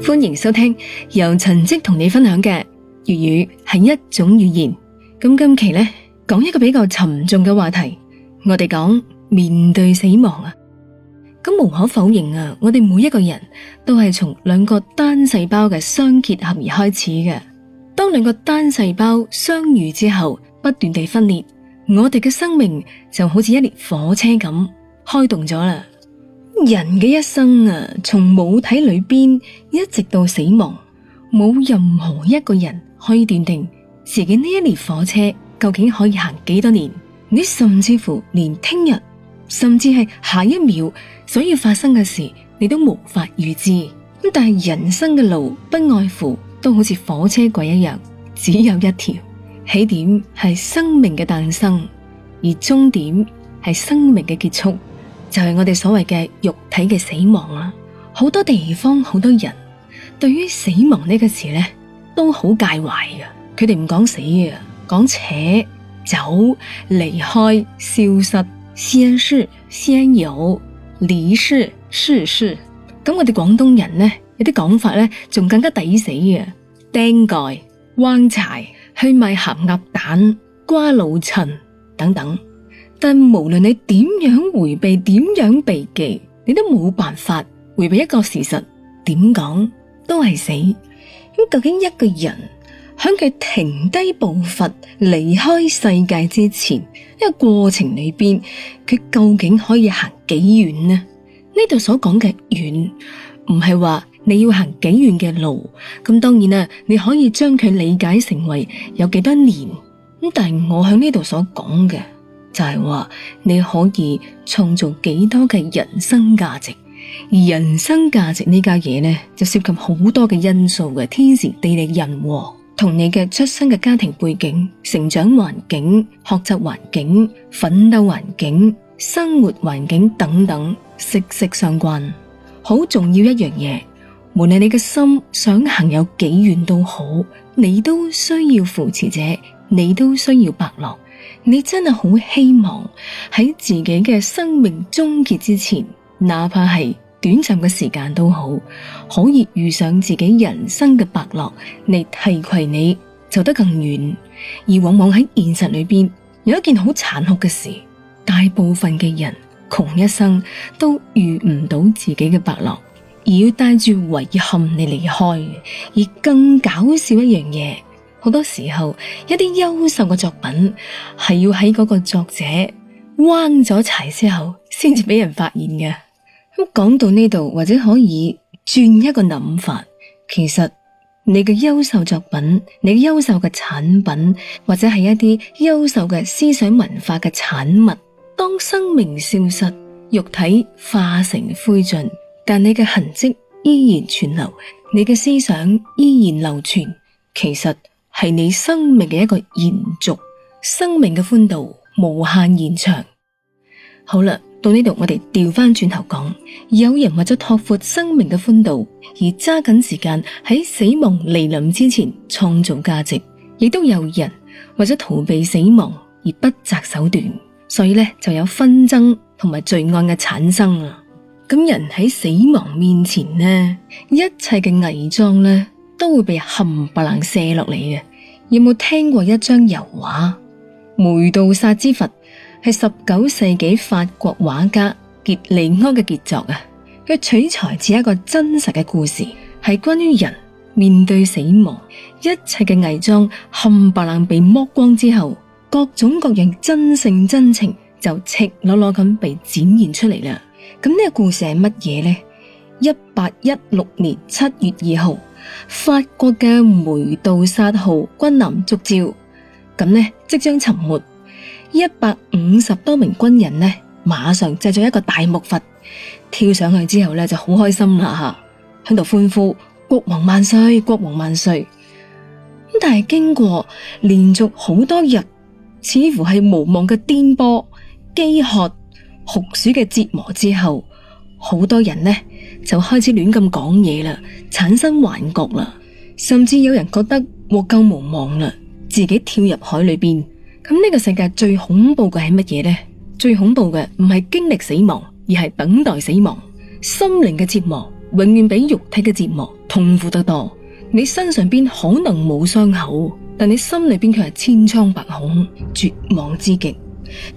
歡迎收聽由陳跡同你分享嘅粵語，係一種語言。咁今期呢，講一個比較沉重嘅話題，我哋講面對死亡啊。咁無可否認啊，我哋每一個人都係從兩個單細胞嘅相結合而開始嘅。當兩個單細胞相遇之後，不斷地分裂，我哋嘅生命就好似一列火車咁開動咗啦。人嘅一生啊，從母體裏邊一直到死亡，冇任何一個人可以斷定自己呢一列火車究竟可以行幾多年。你甚至乎連聽日，甚至係下一秒所要發生嘅事，你都無法預知。但係人生嘅路不外乎都好似火車軌一樣，只有一條，起點係生命嘅誕生，而終點係生命嘅結束，就係我哋所謂嘅肉體嘅死亡啦、啊，好多地方好多人對於死亡呢個詞呢，都好介懷嘅，佢哋唔講死啊，講扯走離開消失，仙逝仙遊，離世逝世，咁、嗯、我哋廣東人呢，有啲講法呢，仲更加抵死嘅，釘蓋、彎柴、去賣鹹鴨蛋、瓜老襯等等。但無論你點樣回避，點樣避忌，你都冇辦法回避一個事實，點講都係死。咁究竟一個人響佢停低步伐離開世界之前，一、這個過程裏邊，佢究竟可以行幾遠呢？呢度所講嘅遠，唔係話你要行幾遠嘅路，咁當然啦、啊，你可以將佢理解成為有幾多年。咁但係我響呢度所講嘅。就係話你可以創造幾多嘅人生價值，而人生價值呢家嘢呢，就涉及好多嘅因素嘅天時地利人和，同你嘅出生嘅家庭背景、成長環境、學習環境、奮鬥環境、生活環境等等息息相關。好重要一樣嘢，無論你嘅心想行有幾遠都好，你都需要扶持者，你都需要伯樂。你真係好希望喺自己嘅生命終結之前，哪怕係短暫嘅時間都好，可以遇上自己人生嘅伯樂嚟提攜你走得更遠。而往往喺現實裏邊有一件好殘酷嘅事，大部分嘅人窮一生都遇唔到自己嘅伯樂，而要帶住遺憾你離開。而更搞笑一樣嘢。好多時候，一啲優秀嘅作品係要喺嗰個作者彎咗柴之後，先至俾人發現嘅。咁講到呢度，或者可以轉一個諗法，其實你嘅優秀作品，你嘅優秀嘅產品，或者係一啲優秀嘅思想文化嘅產物，當生命消失，肉體化成灰燼，但你嘅痕跡依然存留，你嘅思想依然流傳，其實。係你生命嘅一個延續，生命嘅寬度無限延長。好啦，到呢度我哋調翻轉頭講，有人為咗拓闊生命嘅寬度而揸緊時間喺死亡來臨之前創造價值，亦都有人為咗逃避死亡而不擇手段，所以呢就有紛爭同埋罪案嘅產生啊！咁人喺死亡面前呢，一切嘅偽裝呢？都會被冚唪冷卸落嚟嘅。有冇聽過一張油畫《梅杜薩之筏》？係十九世紀法國畫家傑利安嘅傑作啊。佢取材自一個真實嘅故事，係關於人面對死亡，一切嘅偽裝冚唪冷被剝光之後，各種各樣真性真情就赤裸裸咁被展現出嚟啦。咁呢個故事係乜嘢呢？一八一六年七月二號。法國嘅梅杜薩號軍艦觸礁，咁呢即將沉沒，一百五十多名軍人呢馬上製咗一個大木筏跳上去之後呢就好開心啦吓，喺度歡呼國王萬歲，國王萬歲。咁但係經過連續好多日，似乎係無望嘅顛簸、飢渴、酷暑嘅折磨之後。好多人呢就開始亂咁講嘢啦，產生幻覺啦，甚至有人覺得獲救無望啦，自己跳入海裏邊。咁呢個世界最恐怖嘅係乜嘢呢？最恐怖嘅唔係經歷死亡，而係等待死亡。心靈嘅折磨永遠比肉體嘅折磨痛苦得多。你身上邊可能冇傷口，但你心裏邊卻係千瘡百孔，絕望之極。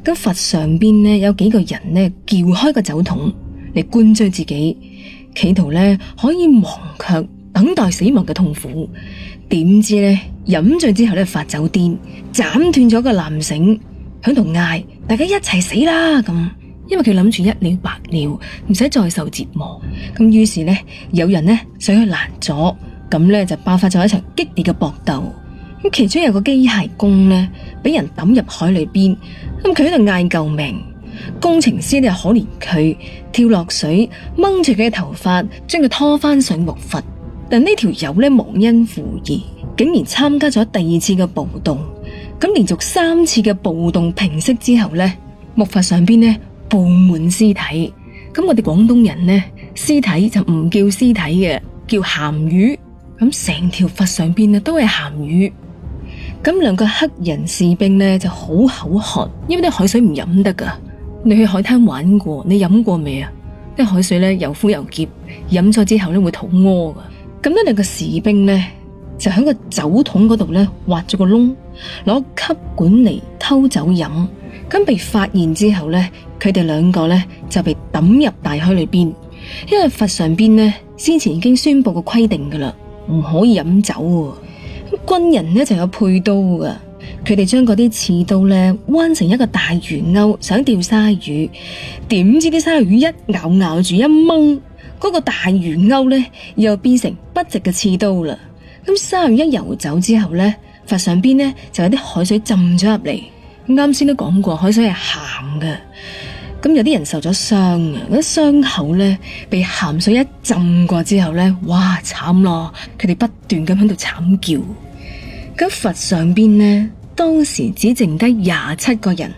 咁佛上邊呢有幾個人呢，撬開個酒桶，嚟灌醉自己，企圖呢可以忘卻等待死亡嘅痛苦。點知呢，飲醉之後呢，發酒癲，斬斷咗個纜繩，響度嗌大家一齊死啦！咁，因為佢諗住一了百了，唔使再受折磨。咁於是呢，有人呢想去攔阻，咁呢就爆發咗一場激烈嘅搏鬥。其中有個機械工呢俾人抌入海裏邊，咁佢喺度嗌救命。工程師咧可憐佢跳落水，掹住佢嘅頭髮，將佢拖翻上木筏。但呢條友咧忘恩負義，竟然參加咗第二次嘅暴動。咁連續三次嘅暴動平息之後咧，木筏上邊咧布滿屍體。咁我哋廣東人咧，屍體就唔叫屍體嘅，叫鹹魚。咁成條筏上邊咧都係鹹魚。咁兩個黑人士兵咧就好口渴，因為啲海水唔飲得噶。你去海灘玩過？你飲過未啊？啲海水又苦又澀，飲咗之後咧會肚屙噶。咁咧，兩個士兵呢，就喺個酒桶嗰度咧挖咗個窿，攞吸管嚟偷酒飲。咁被發現之後呢，佢哋兩個呢，就被抌入大海裏邊。因為佛上邊呢，先前已經宣布過規定噶啦，唔可以飲酒。軍人呢，就有配刀噶。佢哋將嗰啲刺刀咧彎成一個大魚鉤，想釣鯊魚，點知啲鯊魚一咬咬住一掹，嗰、那個大魚鉤咧又變成筆直嘅刺刀啦。咁鯊魚一游走之後咧，佛上邊咧就有啲海水浸咗入嚟。啱先都講過海水係鹹嘅，咁有啲人受咗傷啊，啲傷口咧被鹹水一浸過之後咧，哇慘咯！佢哋不斷咁喺度慘叫，咁佛上邊咧。當時只剩低廿七個人，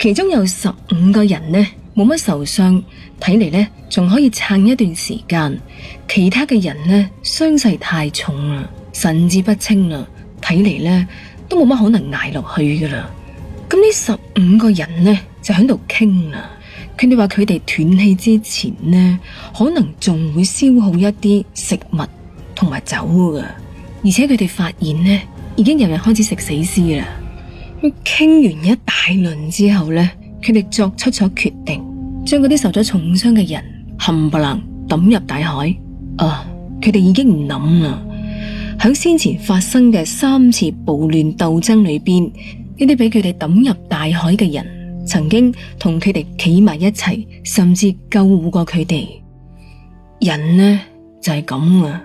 其中有十五個人呢冇乜受傷，睇嚟呢仲可以撐一段時間；其他嘅人呢傷勢太重啦，神志不清啦，睇嚟呢都冇乜可能捱落去噶啦。咁呢十五個人呢就喺度傾啦，佢哋話佢哋斷氣之前呢，可能仲會消耗一啲食物同埋酒噶，而且佢哋發現呢已經有人開始食死屍啦。傾完一大輪之後呢，佢哋作出咗決定，將嗰啲受咗重傷嘅人冚唪唥抌入大海。啊，佢哋已經唔諗啦。響先前發生嘅三次暴亂鬥爭裏邊，呢啲俾佢哋抌入大海嘅人，曾經同佢哋企埋一齊，甚至救護過佢哋。人呢就係咁啊，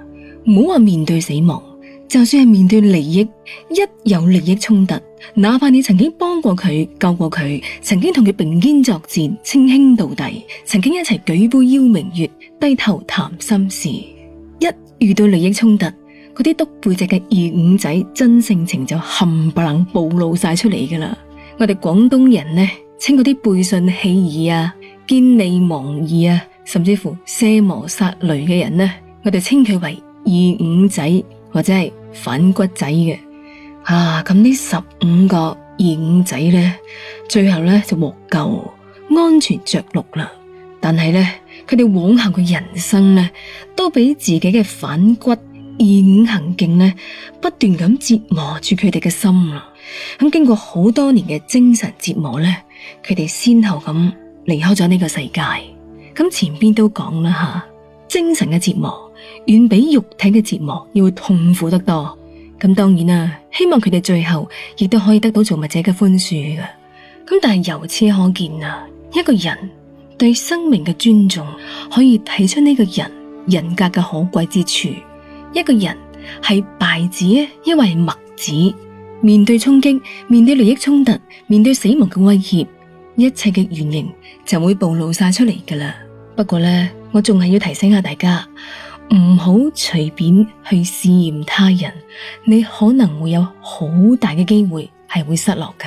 唔好話面對死亡。就算係面對利益，一有利益衝突，哪怕你曾經幫過佢、救過佢，曾經同佢並肩作戰、稱兄道弟，曾經一齊舉杯邀明月、低頭談心事，一遇到利益衝突，嗰啲督背脊嘅二五仔真性情就冚唪唥暴露晒出嚟㗎喇。我哋廣東人呢，稱嗰啲背信棄義啊、見利忘義啊，甚至乎卸磨殺驢嘅人呢，我哋稱佢為二五仔。或者係反骨仔嘅啊，咁呢十五個二五仔咧，最後咧就獲救，安全着陸啦。但係咧，佢哋往後嘅人生咧，都俾自己嘅反骨二五行徑咧，不斷咁折磨住佢哋嘅心啦。咁、啊、經過好多年嘅精神折磨咧，佢哋先後咁離開咗呢個世界。咁、啊、前邊都講啦吓，精神嘅折磨。遠比肉體嘅折磨要痛苦得多。咁當然啦，希望佢哋最後亦都可以得到造物者嘅寬恕噶。咁但係由此可見啦，一個人對生命嘅尊重，可以睇出呢個人人格嘅可貴之處。一個人係敗子，因為墨子。面對衝擊，面對利益衝突，面對死亡嘅威脅，一切嘅原形就會暴露晒出嚟噶啦。不過呢，我仲係要提醒下大家。唔好隨便去試驗他人，你可能會有好大嘅機會係會失落嘅。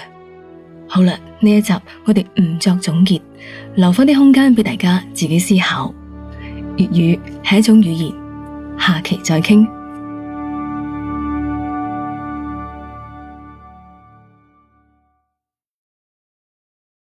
好啦，呢一集我哋唔作總結，留翻啲空間俾大家自己思考。粵語係一種語言，下期再傾。